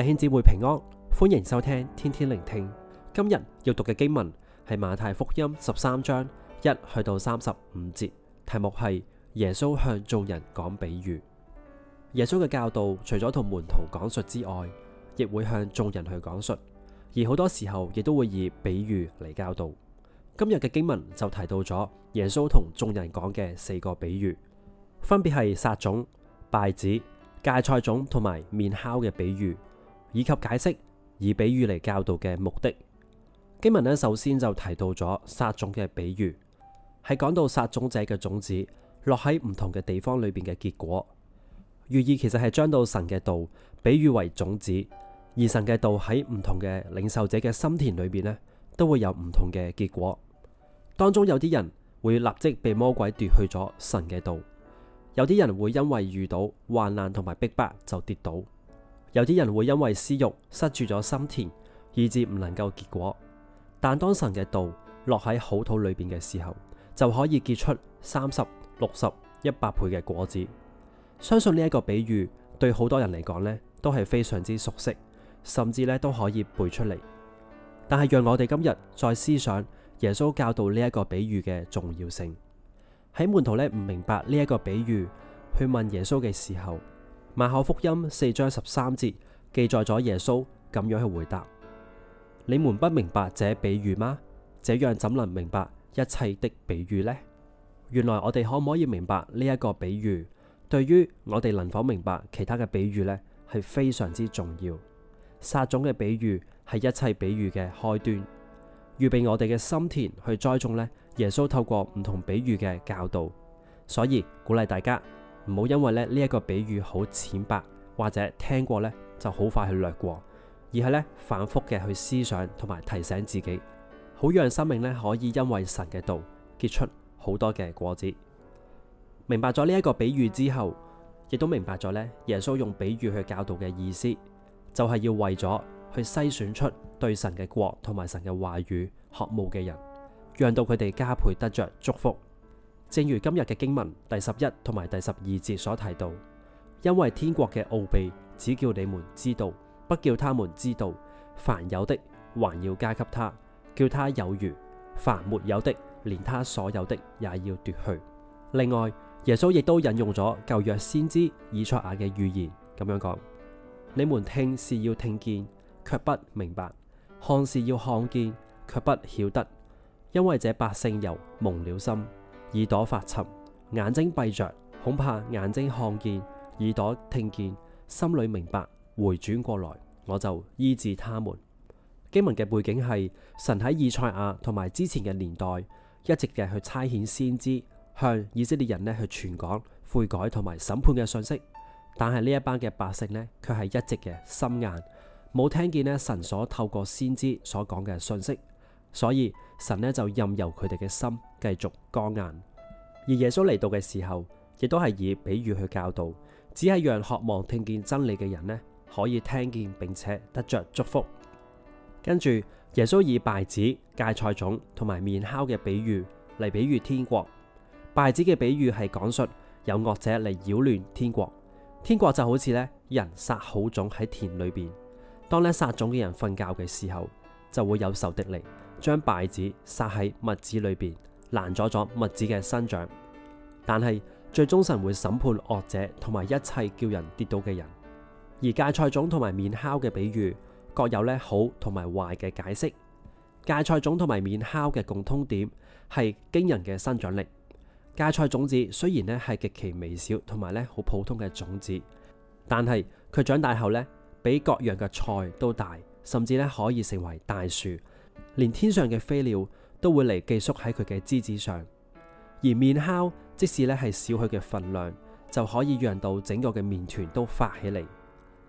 弟兄姊妹平安，歡迎收聽天天聆聽。今日要讀嘅經文係馬太福音十三章一去到三十五節，題目係耶穌向眾人講比喻。耶穌嘅教導除咗同門徒講述之外，亦會向眾人去講述，而好多時候亦都會以比喻嚟教導。今日嘅經文就提到咗耶穌同眾人講嘅四個比喻，分別係撒種、稗子、芥菜種同埋麵酵嘅比喻。以及解釋以比喻嚟教導嘅目的，經文呢，首先就提到咗撒種嘅比喻，係講到撒種者嘅種子落喺唔同嘅地方裏邊嘅結果，寓意其實係將到神嘅道比喻為種子，而神嘅道喺唔同嘅領受者嘅心田裏邊呢，都會有唔同嘅結果。當中有啲人會立即被魔鬼奪去咗神嘅道，有啲人會因為遇到患難同埋逼迫就跌倒。有啲人會因為私欲塞住咗心田，以致唔能夠結果。但當神嘅道落喺好土裏邊嘅時候，就可以結出三十、六十、一百倍嘅果子。相信呢一個比喻對好多人嚟講呢，都係非常之熟悉，甚至呢都可以背出嚟。但係讓我哋今日再思想耶穌教導呢一個比喻嘅重要性。喺門徒呢唔明白呢一個比喻，去問耶穌嘅時候。馬可福音四章十三節記載咗耶穌咁樣去回答：你們不明白這比喻嗎？這樣怎能明白一切的比喻呢？原來我哋可唔可以明白呢一個比喻，對於我哋能否明白其他嘅比喻呢？係非常之重要。撒種嘅比喻係一切比喻嘅開端，預備我哋嘅心田去栽種呢耶穌透過唔同比喻嘅教導，所以鼓勵大家。唔好因為咧呢一個比喻好淺白或者聽過呢就好快去略過，而係呢，反複嘅去思想同埋提醒自己，好讓生命呢可以因為神嘅道結出好多嘅果子。明白咗呢一個比喻之後，亦都明白咗呢耶穌用比喻去教導嘅意思，就係、是、要為咗去篩選出對神嘅國同埋神嘅話語渴慕嘅人，讓到佢哋加倍得着祝福。正如今日嘅經文第十一同埋第十二節所提到，因為天國嘅奧秘只叫你們知道，不叫他們知道。凡有的還要加給他，叫他有餘；凡沒有,有的，連他所有的也要奪去。另外，耶穌亦都引用咗舊約先知以賽亞嘅預言，咁樣講：你們聽是要聽見，卻不明白；看是要看見，卻不曉得，因為這百姓油蒙了心。耳朵發沉，眼睛閉着，恐怕眼睛看見，耳朵聽見，心裏明白，回轉過來，我就醫治他們。經文嘅背景係神喺以賽亞同埋之前嘅年代，一直嘅去差遣先知，向以色列人呢去傳講悔改同埋審判嘅信息。但係呢一班嘅百姓呢，卻係一直嘅心硬，冇聽見呢神所透過先知所講嘅信息。所以神呢，就任由佢哋嘅心繼續剛硬，而耶穌嚟到嘅時候亦都係以比喻去教導，只係讓渴望聽見真理嘅人呢可以聽見並且得着祝福。跟住耶穌以稗子、芥菜種同埋麵酵嘅比喻嚟比喻天國。稗子嘅比喻係講述有惡者嚟擾亂天國，天國就好似呢人撒好種喺田裏邊，當呢撒種嘅人瞓覺嘅時候就會有仇敵嚟。將稗子撒喺麥子裏邊，攔阻咗麥子嘅生長。但係最終神會審判惡者同埋一切叫人跌倒嘅人。而芥菜種同埋麵酵嘅比喻各有咧好同埋壞嘅解釋。芥菜種同埋麵酵嘅共通點係驚人嘅生長力。芥菜種子雖然咧係極其微小同埋咧好普通嘅種子，但係佢長大後咧比各樣嘅菜都大，甚至咧可以成為大樹。連天上嘅飛鳥都會嚟寄宿喺佢嘅枝子上，而麵酵即使咧係少許嘅份量，就可以讓到整個嘅麵團都發起嚟。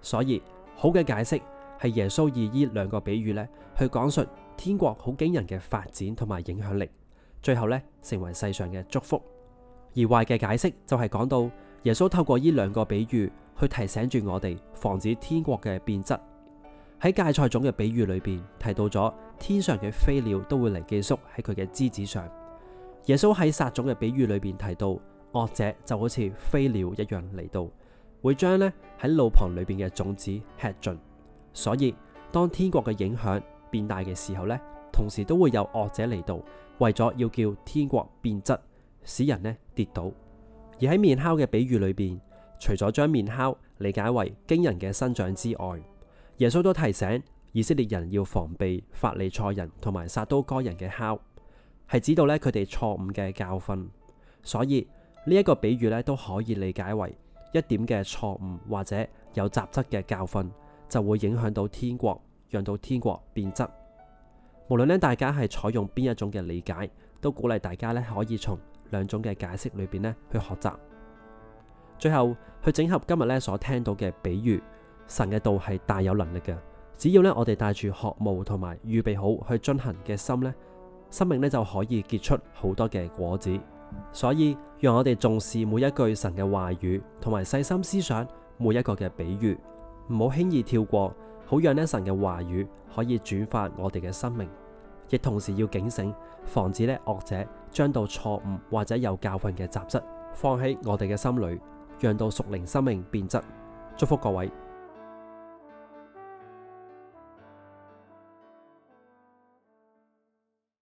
所以好嘅解釋係耶穌以呢兩個比喻咧去講述天國好驚人嘅發展同埋影響力，最後咧成為世上嘅祝福；而壞嘅解釋就係講到耶穌透過呢兩個比喻去提醒住我哋防止天國嘅變質。喺芥菜種嘅比喻裏邊提到咗，天上嘅飛鳥都會嚟寄宿喺佢嘅枝子上。耶穌喺撒種嘅比喻裏邊提到，惡者就好似飛鳥一樣嚟到，會將呢喺路旁裏邊嘅種子吃盡。所以，當天國嘅影響變大嘅時候呢，同時都會有惡者嚟到，為咗要叫天國變質，使人呢跌倒。而喺麵酵嘅比喻裏邊，除咗將麵酵理解為驚人嘅生長之外，耶穌都提醒以色列人要防備法利賽人同埋撒都該人嘅酵，係指到咧佢哋錯誤嘅教訓。所以呢一、這個比喻咧都可以理解為一點嘅錯誤或者有雜質嘅教訓，就會影響到天國，讓到天國變質。無論咧大家係採用邊一種嘅理解，都鼓勵大家咧可以從兩種嘅解釋裏邊咧去學習，最後去整合今日咧所聽到嘅比喻。神嘅道係大有能力嘅，只要咧，我哋帶住渴慕同埋預備好去進行嘅心呢，生命呢就可以結出好多嘅果子。所以，讓我哋重視每一句神嘅話語，同埋細心思想每一個嘅比喻，唔好輕易跳過，好讓呢神嘅話語可以轉化我哋嘅生命。亦同時要警醒，防止呢惡者將到錯誤或者有教訓嘅雜質放喺我哋嘅心裏，讓到屬靈生命變質。祝福各位。